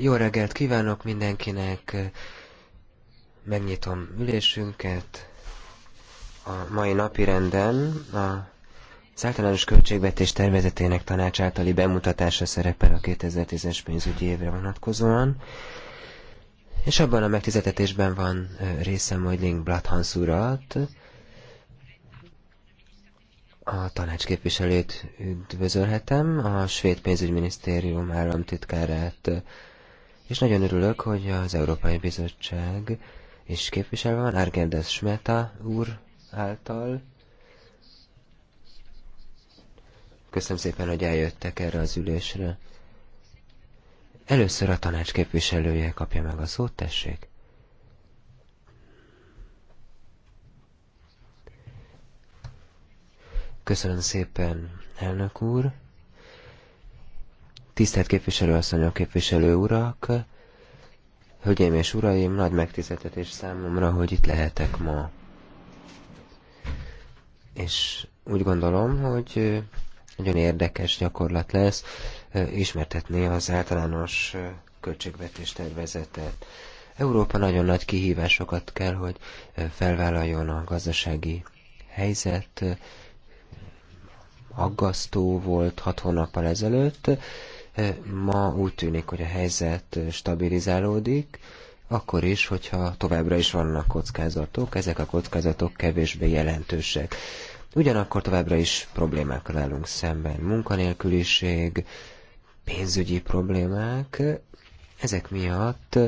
Jó reggelt kívánok mindenkinek! Megnyitom ülésünket. A mai napi renden a az általános költségvetés tervezetének tanács általi bemutatása szerepel a 2010-es pénzügyi évre vonatkozóan, és abban a megtizetetésben van részem, hogy Link Bladhans urat, a tanács képviselőt üdvözölhetem, a svéd pénzügyminisztérium államtitkárát és nagyon örülök, hogy az Európai Bizottság is képviselve van, Argendes Smeta úr által. Köszönöm szépen, hogy eljöttek erre az ülésre. Először a tanács képviselője kapja meg a szót, tessék. Köszönöm szépen, elnök úr. Tisztelt képviselőasszonyok, képviselő urak, hölgyeim és uraim, nagy megtiszteltetés számomra, hogy itt lehetek ma. És úgy gondolom, hogy nagyon érdekes gyakorlat lesz ismertetni az általános költségvetés tervezetet. Európa nagyon nagy kihívásokat kell, hogy felvállaljon a gazdasági helyzet. Aggasztó volt hat hónappal ezelőtt, E, ma úgy tűnik, hogy a helyzet stabilizálódik, akkor is, hogyha továbbra is vannak kockázatok, ezek a kockázatok kevésbé jelentősek. Ugyanakkor továbbra is problémákkal állunk szemben. Munkanélküliség, pénzügyi problémák, ezek miatt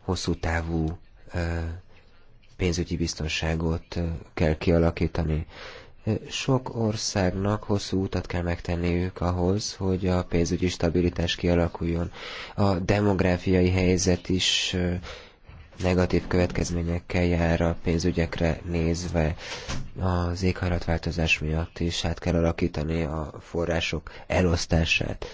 hosszú távú e, pénzügyi biztonságot kell kialakítani. Sok országnak hosszú utat kell megtenniük ahhoz, hogy a pénzügyi stabilitás kialakuljon. A demográfiai helyzet is negatív következményekkel jár a pénzügyekre nézve. Az éghajlatváltozás miatt is át kell alakítani a források elosztását.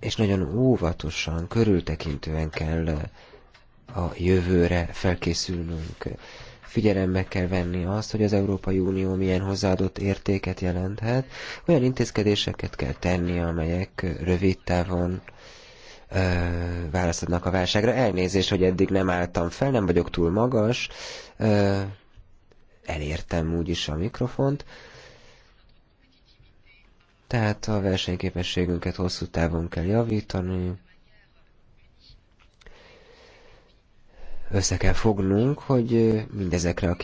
És nagyon óvatosan, körültekintően kell a jövőre felkészülnünk figyelembe kell venni azt, hogy az Európai Unió milyen hozzáadott értéket jelenthet, olyan intézkedéseket kell tenni, amelyek rövid távon ö, a válságra. Elnézést, hogy eddig nem álltam fel, nem vagyok túl magas, ö, elértem úgyis a mikrofont. Tehát a versenyképességünket hosszú távon kell javítani, össze kell fognunk, hogy mindezekre a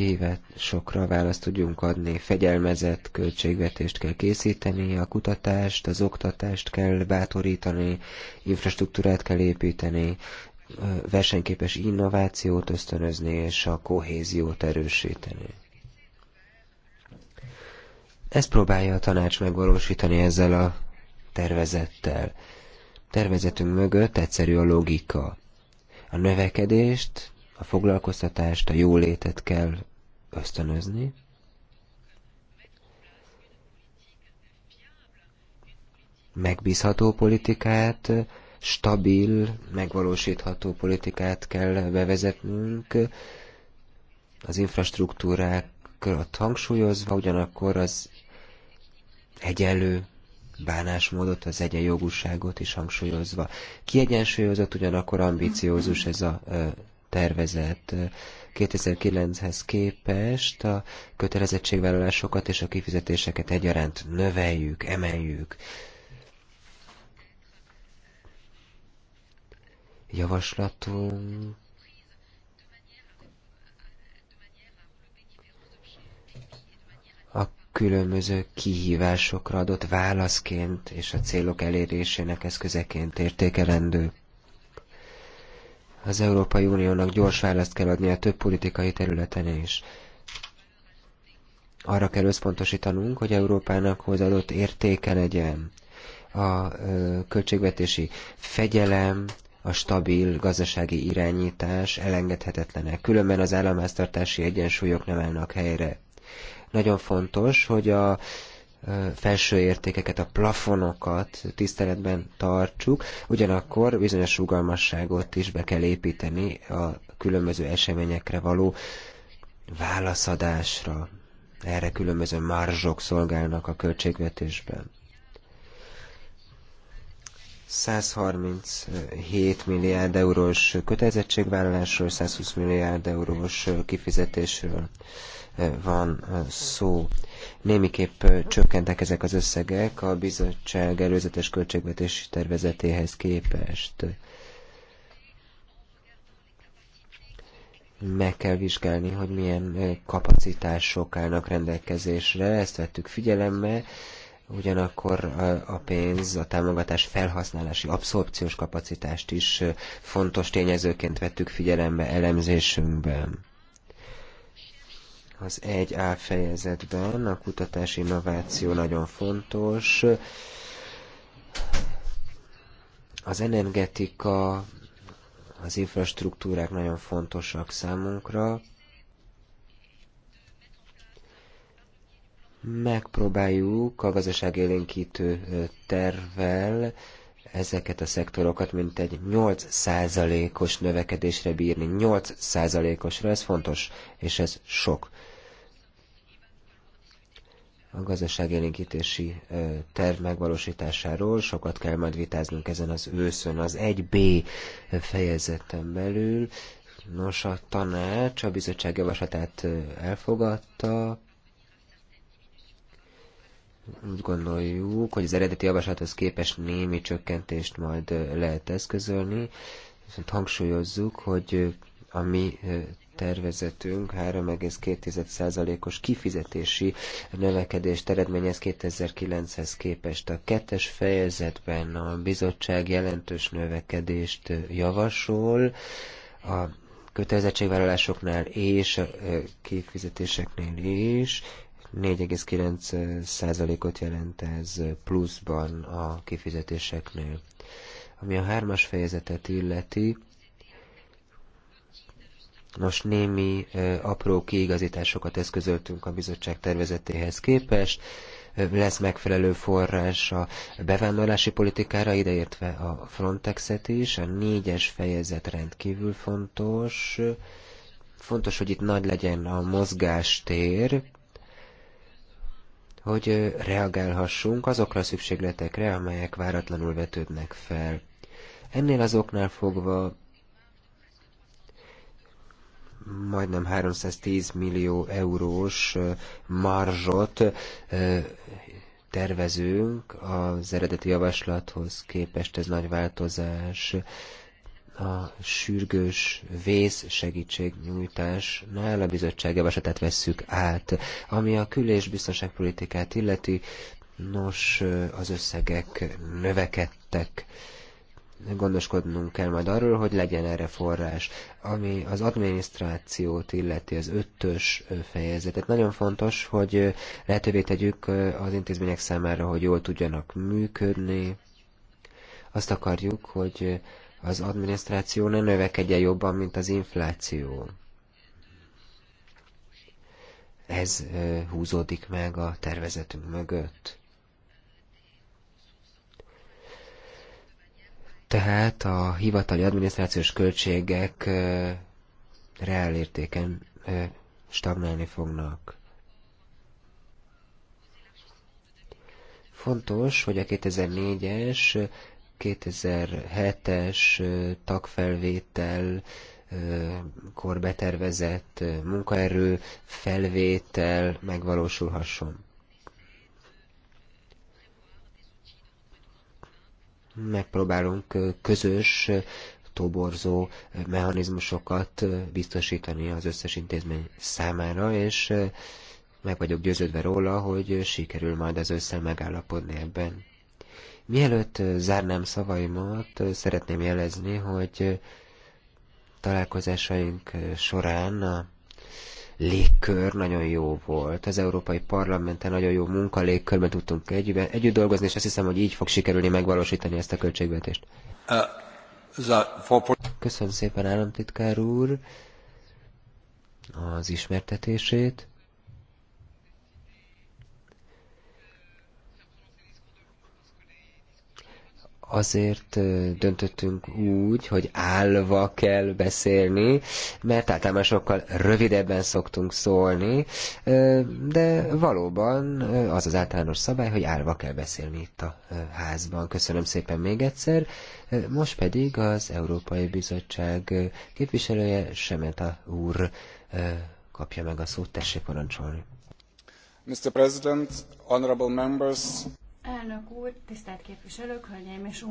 sokra választ tudjunk adni. Fegyelmezett költségvetést kell készíteni, a kutatást, az oktatást kell bátorítani, infrastruktúrát kell építeni, versenyképes innovációt ösztönözni és a kohéziót erősíteni. Ezt próbálja a tanács megvalósítani ezzel a tervezettel. Tervezetünk mögött egyszerű a logika. A növekedést a foglalkoztatást, a jólétet kell ösztönözni. Megbízható politikát, stabil, megvalósítható politikát kell bevezetnünk, az infrastruktúrákat hangsúlyozva, ugyanakkor az egyenlő bánásmódot, az egyenjogúságot is hangsúlyozva. Kiegyensúlyozott, ugyanakkor ambiciózus ez a tervezett 2009-hez képest a kötelezettségvállalásokat és a kifizetéseket egyaránt növeljük, emeljük. Javaslatunk a különböző kihívásokra adott válaszként és a célok elérésének eszközeként értékelendő. Az Európai Uniónak gyors választ kell adnia több politikai területen is. Arra kell összpontosítanunk, hogy Európának hozadott értéke legyen. A ö, költségvetési fegyelem, a stabil gazdasági irányítás elengedhetetlenek, különben az államháztartási egyensúlyok nem állnak helyre. Nagyon fontos, hogy a felső értékeket, a plafonokat tiszteletben tartsuk, ugyanakkor bizonyos rugalmasságot is be kell építeni a különböző eseményekre való válaszadásra. Erre különböző marzsok szolgálnak a költségvetésben. 137 milliárd eurós kötelezettségvállalásról, 120 milliárd eurós kifizetésről eh, van eh, szó. Némiképp eh, csökkentek ezek az összegek a bizottság előzetes költségvetési tervezetéhez képest. Meg kell vizsgálni, hogy milyen kapacitások állnak rendelkezésre, ezt vettük figyelembe, ugyanakkor a pénz, a támogatás felhasználási abszorpciós kapacitást is fontos tényezőként vettük figyelembe elemzésünkben. Az 1A fejezetben a kutatás innováció nagyon fontos. Az energetika, az infrastruktúrák nagyon fontosak számunkra, megpróbáljuk a élénkítő tervvel ezeket a szektorokat mint egy 8%-os növekedésre bírni. 8%-osra, ez fontos, és ez sok. A élénkítési terv megvalósításáról sokat kell majd vitáznunk ezen az őszön. Az 1B fejezeten belül Nos, a tanács a bizottság javaslatát elfogadta, úgy gondoljuk, hogy az eredeti javaslathoz képest némi csökkentést majd lehet eszközölni, viszont hangsúlyozzuk, hogy a mi tervezetünk 3,2%-os kifizetési növekedést eredményez 2009-hez képest. A kettes fejezetben a bizottság jelentős növekedést javasol, a kötelezettségvállalásoknál és a kifizetéseknél is, 4,9%-ot jelent ez pluszban a kifizetéseknél. Ami a hármas fejezetet illeti, Nos, némi apró kiigazításokat eszközöltünk a bizottság tervezetéhez képest. Lesz megfelelő forrás a bevándorlási politikára, ideértve a Frontexet is. A négyes fejezet rendkívül fontos. Fontos, hogy itt nagy legyen a mozgástér, hogy reagálhassunk azokra a szükségletekre, amelyek váratlanul vetődnek fel. Ennél azoknál fogva majdnem 310 millió eurós marzsot tervezünk az eredeti javaslathoz képest, ez nagy változás a sürgős vész segítségnyújtás a bizottság javaslatát vesszük át. Ami a kül- és biztonságpolitikát illeti, nos, az összegek növekedtek. Gondoskodnunk kell majd arról, hogy legyen erre forrás. Ami az adminisztrációt illeti, az ötös fejezetet, nagyon fontos, hogy lehetővé tegyük az intézmények számára, hogy jól tudjanak működni. Azt akarjuk, hogy az adminisztráció ne növekedje jobban, mint az infláció. Ez húzódik meg a tervezetünk mögött. Tehát a hivatali adminisztrációs költségek reálértéken stagnálni fognak. Fontos, hogy a 2004-es 2007-es tagfelvétel kor betervezett munkaerő felvétel megvalósulhasson. Megpróbálunk közös toborzó mechanizmusokat biztosítani az összes intézmény számára, és meg vagyok győződve róla, hogy sikerül majd az össze megállapodni ebben. Mielőtt zárnám szavaimat, szeretném jelezni, hogy találkozásaink során a légkör nagyon jó volt. Az Európai Parlamenten nagyon jó munka légkörben tudtunk együtt, együtt dolgozni, és azt hiszem, hogy így fog sikerülni megvalósítani ezt a költségvetést. Köszönöm szépen, államtitkár úr, az ismertetését. azért döntöttünk úgy, hogy állva kell beszélni, mert általában sokkal rövidebben szoktunk szólni, de valóban az az általános szabály, hogy állva kell beszélni itt a házban. Köszönöm szépen még egyszer. Most pedig az Európai Bizottság képviselője Semeta úr kapja meg a szót, tessék parancsolni. Mr. President, honorable members, Elnök úr, tisztelt képviselők, hölgyeim és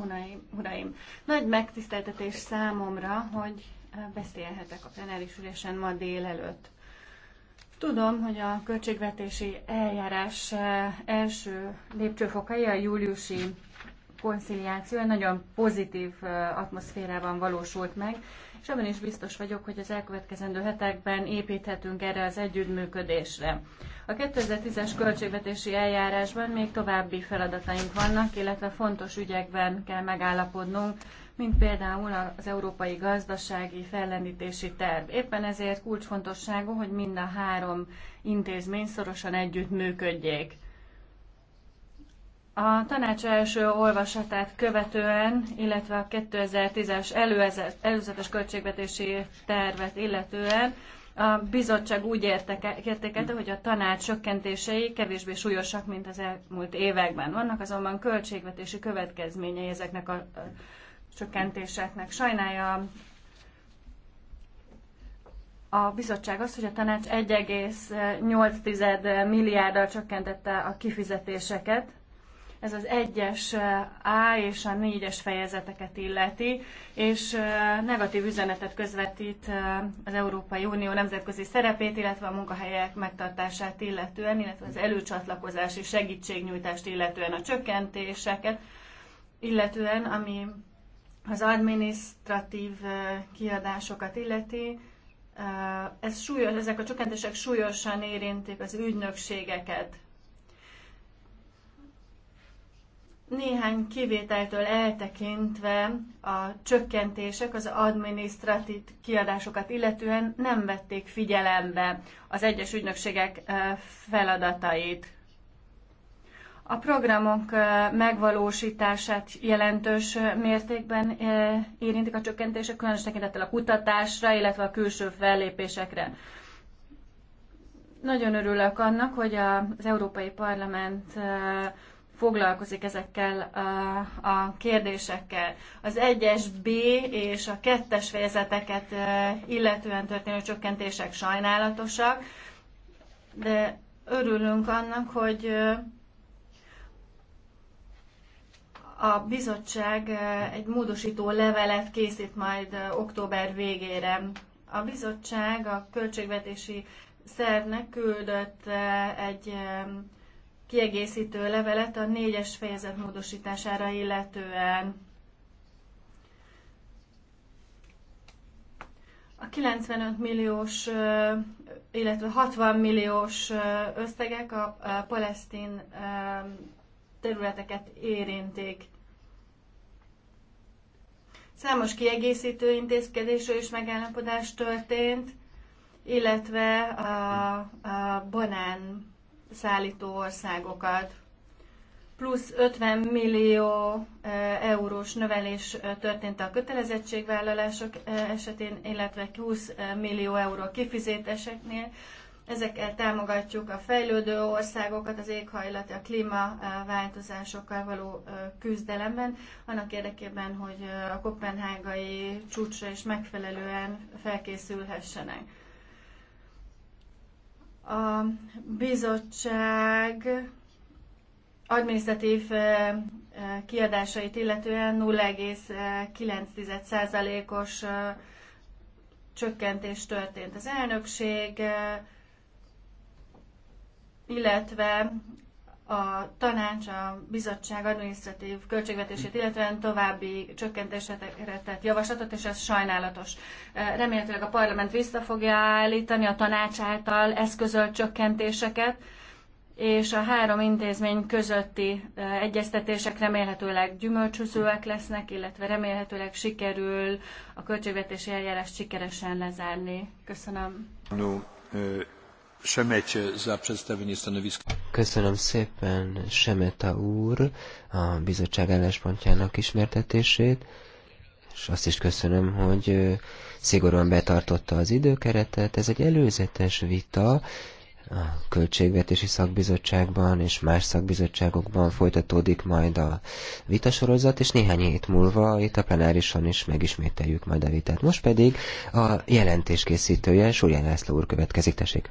uraim! Nagy megtiszteltetés számomra, hogy eh, beszélhetek a plenáris ülésen ma délelőtt. Tudom, hogy a költségvetési eljárás eh, első lépcsőfokai a júliusi konciliáció egy nagyon pozitív atmoszférában valósult meg, és abban is biztos vagyok, hogy az elkövetkezendő hetekben építhetünk erre az együttműködésre. A 2010-es költségvetési eljárásban még további feladataink vannak, illetve fontos ügyekben kell megállapodnunk, mint például az európai gazdasági fellendítési terv. Éppen ezért kulcsfontosságú, hogy mind a három intézmény szorosan együttműködjék. A tanács első olvasatát követően, illetve a 2010-es előzetes költségvetési tervet illetően a bizottság úgy értékelte, hogy a tanács csökkentései kevésbé súlyosak, mint az elmúlt években. Vannak azonban költségvetési következményei ezeknek a csökkentéseknek. Sajnálja a bizottság azt, hogy a tanács 1,8 milliárddal csökkentette a kifizetéseket, ez az egyes eh, A és a négyes fejezeteket illeti, és eh, negatív üzenetet közvetít eh, az Európai Unió nemzetközi szerepét, illetve a munkahelyek megtartását illetően, illetve az előcsatlakozási segítségnyújtást illetően a csökkentéseket, illetően ami az adminisztratív kiadásokat illeti, ez súlyos, ezek a csökkentések súlyosan érintik az ügynökségeket, Néhány kivételtől eltekintve a csökkentések az adminisztratív kiadásokat illetően nem vették figyelembe az egyes ügynökségek feladatait. A programok megvalósítását jelentős mértékben érintik a csökkentések, különös tekintettel a kutatásra, illetve a külső fellépésekre. Nagyon örülök annak, hogy az Európai Parlament foglalkozik ezekkel a kérdésekkel. Az 1-es B és a 2-es fejezeteket illetően történő csökkentések sajnálatosak, de örülünk annak, hogy a bizottság egy módosító levelet készít majd október végére. A bizottság a költségvetési szervnek küldött egy kiegészítő levelet a négyes fejezet módosítására illetően. A 95 milliós, illetve 60 milliós összegek a palesztin területeket érintik. Számos kiegészítő intézkedésről is megállapodás történt, illetve a, a banán szállító országokat. Plusz 50 millió eurós növelés történt a kötelezettségvállalások esetén, illetve 20 millió euró kifizetéseknél. Ezekkel támogatjuk a fejlődő országokat az éghajlat, a klímaváltozásokkal való küzdelemben, annak érdekében, hogy a kopenhágai csúcsra is megfelelően felkészülhessenek. A bizottság adminisztratív eh, eh, kiadásait illetően 0,9%-os eh, csökkentés történt. Az elnökség, illetve a tanács, a bizottság adminisztratív költségvetését, illetve további csökkentésre tett javaslatot, és ez sajnálatos. Remélhetőleg a parlament vissza fogja állítani a tanács által eszközölt csökkentéseket, és a három intézmény közötti egyeztetések remélhetőleg gyümölcsözőek lesznek, illetve remélhetőleg sikerül a költségvetési eljárást sikeresen lezárni. Köszönöm. No, Eh, köszönöm szépen Semeta úr a bizottság álláspontjának ismertetését, és azt is köszönöm, hogy eh, szigorúan betartotta az időkeretet. Ez egy előzetes vita a Költségvetési Szakbizottságban és más szakbizottságokban folytatódik majd a vitasorozat, és néhány hét múlva itt a plenárison is megismételjük majd a vitát. Most pedig a jelentés készítője, Súlyán László úr következik, tessék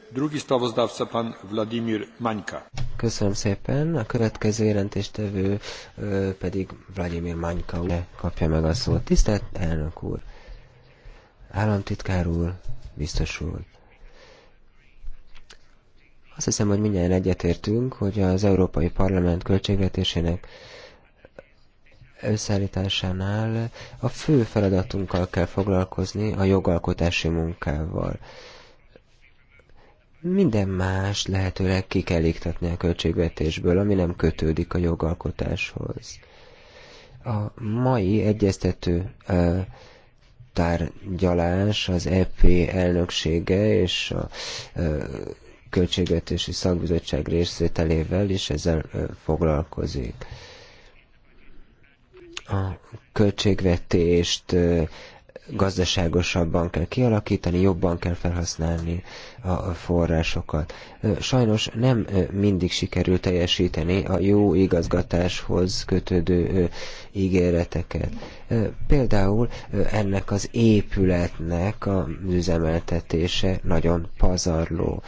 Drugi sprawozdawca pan Mańka. Köszönöm szépen. A következő jelentéstevő e, pedig Vladimir Mańka úr kapja meg a szót. Tisztelt elnök úr, államtitkár úr, biztos úr. Azt hiszem, hogy mindjárt egyetértünk, hogy az Európai Parlament költségvetésének összeállításánál a fő feladatunkkal kell foglalkozni, a jogalkotási munkával minden más lehetőleg ki kell iktatni a költségvetésből, ami nem kötődik a jogalkotáshoz. A mai egyeztető ö, tárgyalás az EP elnöksége és a ö, költségvetési szakbizottság részvételével is ezzel ö, foglalkozik. A költségvetést ö, gazdaságosabban kell kialakítani, jobban kell felhasználni a forrásokat. Sajnos nem mindig sikerül teljesíteni a jó igazgatáshoz kötődő ígéreteket. Például ennek az épületnek a üzemeltetése nagyon pazarló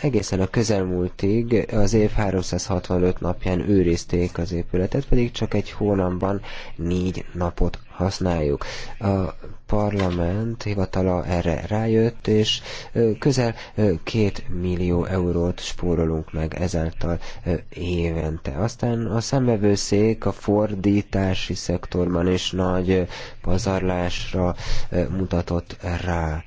egészen a közelmúltig az év 365 napján őrizték az épületet, pedig csak egy hónapban négy napot használjuk. A parlament hivatala erre rájött, és közelmúltig Közel két millió eurót spórolunk meg ezáltal évente. Aztán a szemvevőszék a fordítási szektorban is nagy pazarlásra mutatott rá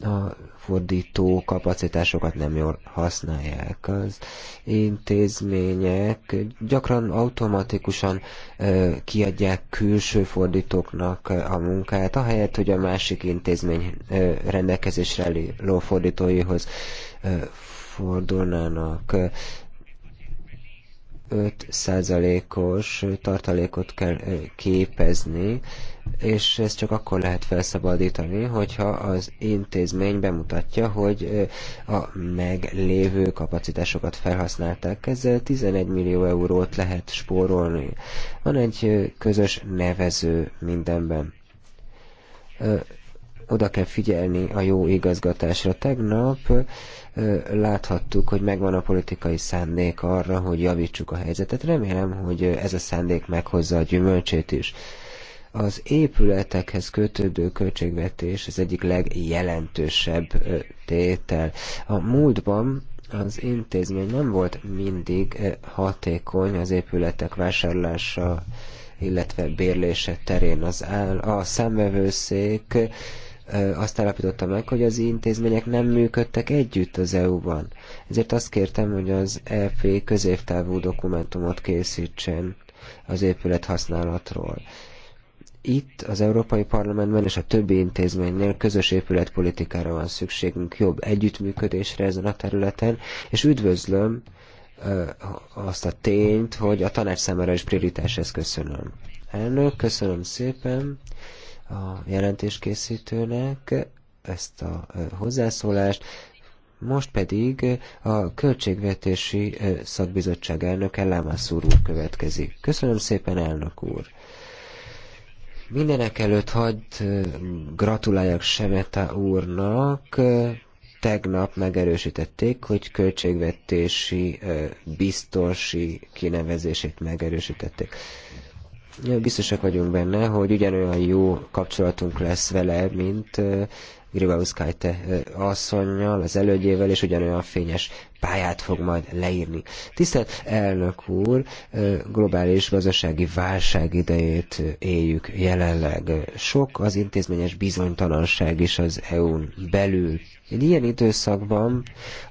a fordító kapacitásokat nem jól használják. Az intézmények gyakran automatikusan kiadják külső fordítóknak a munkát, ahelyett, hogy a másik intézmény rendelkezésre álló fordítóihoz fordulnának. 5%-os tartalékot kell képezni és ezt csak akkor lehet felszabadítani, hogyha az intézmény bemutatja, hogy a meglévő kapacitásokat felhasználták. Ezzel 11 millió eurót lehet spórolni. Van egy közös nevező mindenben. Oda kell figyelni a jó igazgatásra. Tegnap láthattuk, hogy megvan a politikai szándék arra, hogy javítsuk a helyzetet. Remélem, hogy ez a szándék meghozza a gyümölcsét is. Az épületekhez kötődő költségvetés az egyik legjelentősebb tétel. A múltban az intézmény nem volt mindig hatékony az épületek vásárlása, illetve bérlése terén. Az áll, a szemvevőszék azt állapította meg, hogy az intézmények nem működtek együtt az EU-ban. Ezért azt kértem, hogy az EP középtávú dokumentumot készítsen az épület használatról itt az Európai Parlamentben és a többi intézménynél közös épületpolitikára van szükségünk, jobb együttműködésre ezen a területen, és üdvözlöm azt a tényt, hogy a tanács számára is prioritás ez köszönöm. Elnök, köszönöm szépen a jelentéskészítőnek ezt a hozzászólást. Most pedig a Költségvetési Szakbizottság elnöke Lámász úr következik. Köszönöm szépen, elnök úr! Mindenek előtt hagyd gratuláljak Semeta úrnak. Tegnap megerősítették, hogy költségvetési biztonsi kinevezését megerősítették. Biztosak vagyunk benne, hogy ugyanolyan jó kapcsolatunk lesz vele, mint Gribauszkájte asszonynal, az elődjével, és ugyanolyan fényes pályát fog majd leírni. Tisztelt elnök úr, globális gazdasági válság idejét éljük jelenleg. Sok az intézményes bizonytalanság is az EU-n belül. Egy ilyen időszakban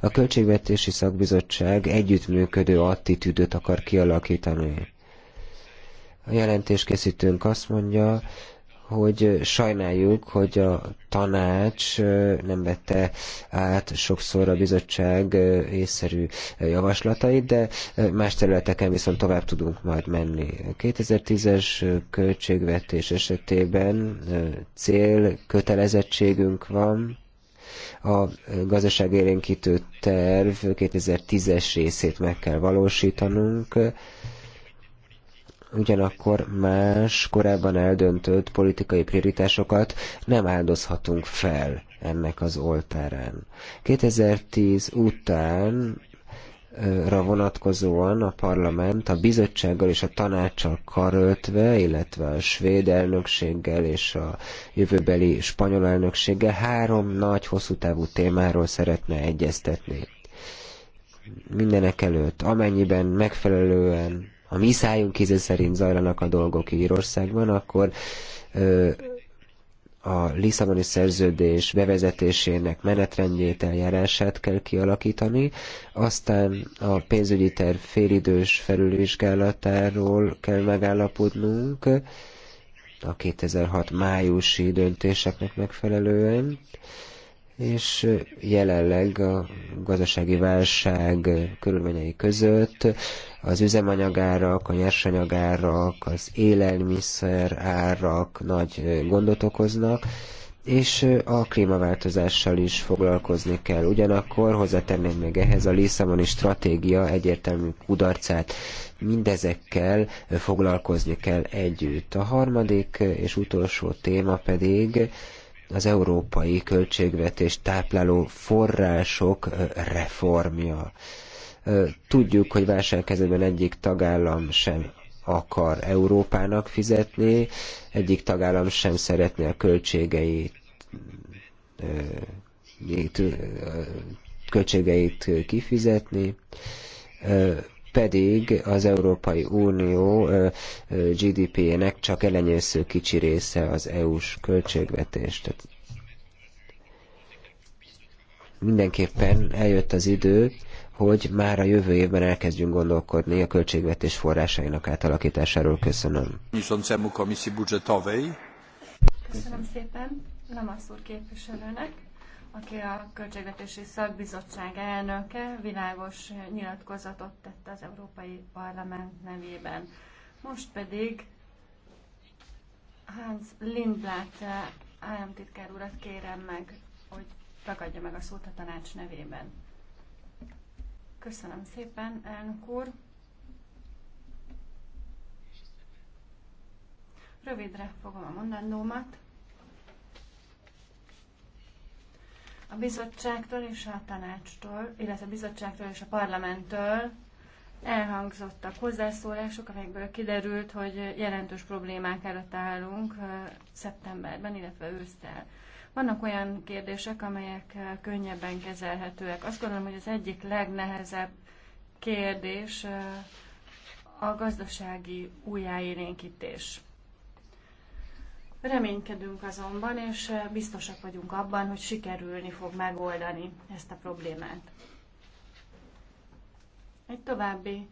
a Költségvetési Szakbizottság együttműködő attitűdöt akar kialakítani. A jelentéskészítőnk azt mondja, hogy sajnáljuk, hogy a tanács nem vette át sokszor a bizottság észszerű javaslatait, de más területeken viszont tovább tudunk majd menni. 2010-es költségvetés esetében cél, kötelezettségünk van, a gazdaságélénkítő terv 2010-es részét meg kell valósítanunk, ugyanakkor más korábban eldöntött politikai prioritásokat nem áldozhatunk fel ennek az oltárán. 2010 után vonatkozóan a parlament a bizottsággal és a tanácssal karöltve, illetve a svéd elnökséggel és a jövőbeli spanyol elnökséggel három nagy hosszú távú témáról szeretne egyeztetni. Mindenek előtt, amennyiben megfelelően ha mi szájunk kéze szerint zajlanak a dolgok Írországban, akkor ö, a Lisszaboni szerződés bevezetésének menetrendjét, eljárását kell kialakítani, aztán a pénzügyi terv félidős felülvizsgálatáról kell megállapodnunk a 2006 májusi döntéseknek megfelelően, és jelenleg a gazdasági válság körülményei között az üzemanyagárak, a nyersanyagárak, az élelmiszer árak nagy gondot okoznak, és a klímaváltozással is foglalkozni kell. Ugyanakkor hozzátenném még ehhez a Lisszaboni stratégia egyértelmű kudarcát. Mindezekkel foglalkozni kell együtt. A harmadik és utolsó téma pedig az európai költségvetés tápláló források reformja. Tudjuk, hogy válságkezelőben egyik tagállam sem akar Európának fizetni, egyik tagállam sem szeretné a költségeit költségeit kifizetni pedig az Európai Unió GDP-jének csak elenyésző kicsi része az EU-s költségvetés. Tehát mindenképpen eljött az idő, hogy már a jövő évben elkezdjünk gondolkodni a költségvetés forrásainak átalakításáról. Köszönöm. Köszönöm szépen Lamasz képviselőnek aki a Költségvetési Szakbizottság elnöke, világos nyilatkozatot tett az Európai Parlament nevében. Most pedig Hans Lindblad eh, államtitkár urat kérem meg, hogy ragadja meg a szót a tanács nevében. Köszönöm szépen, elnök úr. Rövidre fogom a mondandómat. a bizottságtól és a tanácstól, illetve a bizottságtól és a parlamenttől elhangzottak hozzászólások, amelyekből kiderült, hogy jelentős problémák előtt állunk szeptemberben, illetve ősztel. Vannak olyan kérdések, amelyek könnyebben kezelhetőek. Azt gondolom, hogy az egyik legnehezebb kérdés a gazdasági újjáélénkítés. Reménykedünk azonban, és eh, biztosak vagyunk abban, hogy sikerülni fog megoldani ezt a problémát. Egy további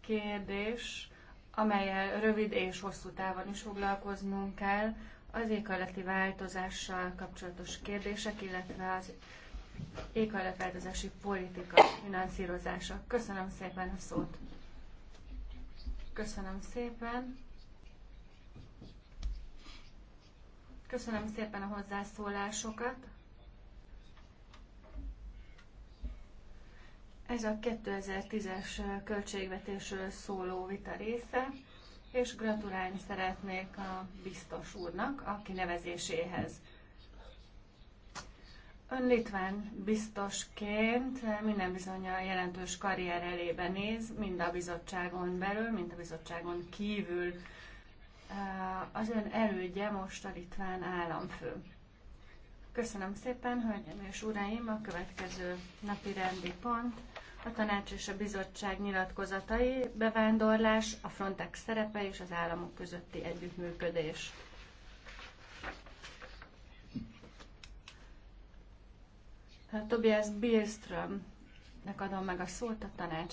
kérdés, amelyel rövid és hosszú távon is foglalkoznunk kell, az éghajlati változással kapcsolatos kérdések, illetve az éghajlatváltozási politika finanszírozása. Köszönöm szépen a szót! Köszönöm szépen! Köszönöm szépen a hozzászólásokat. Ez a 2010-es költségvetésről szóló vita része, és gratulálni szeretnék a biztos úrnak a kinevezéséhez. Ön litván biztosként minden a jelentős karrier elébe néz, mind a bizottságon belül, mind a bizottságon kívül az ön elődje most a litván államfő. Köszönöm szépen, hölgyeim és uraim, a következő napi rendi pont. A tanács és a bizottság nyilatkozatai, bevándorlás, a Frontex szerepe és az államok közötti együttműködés. Tobias Billströmnek adom meg a szót a tanács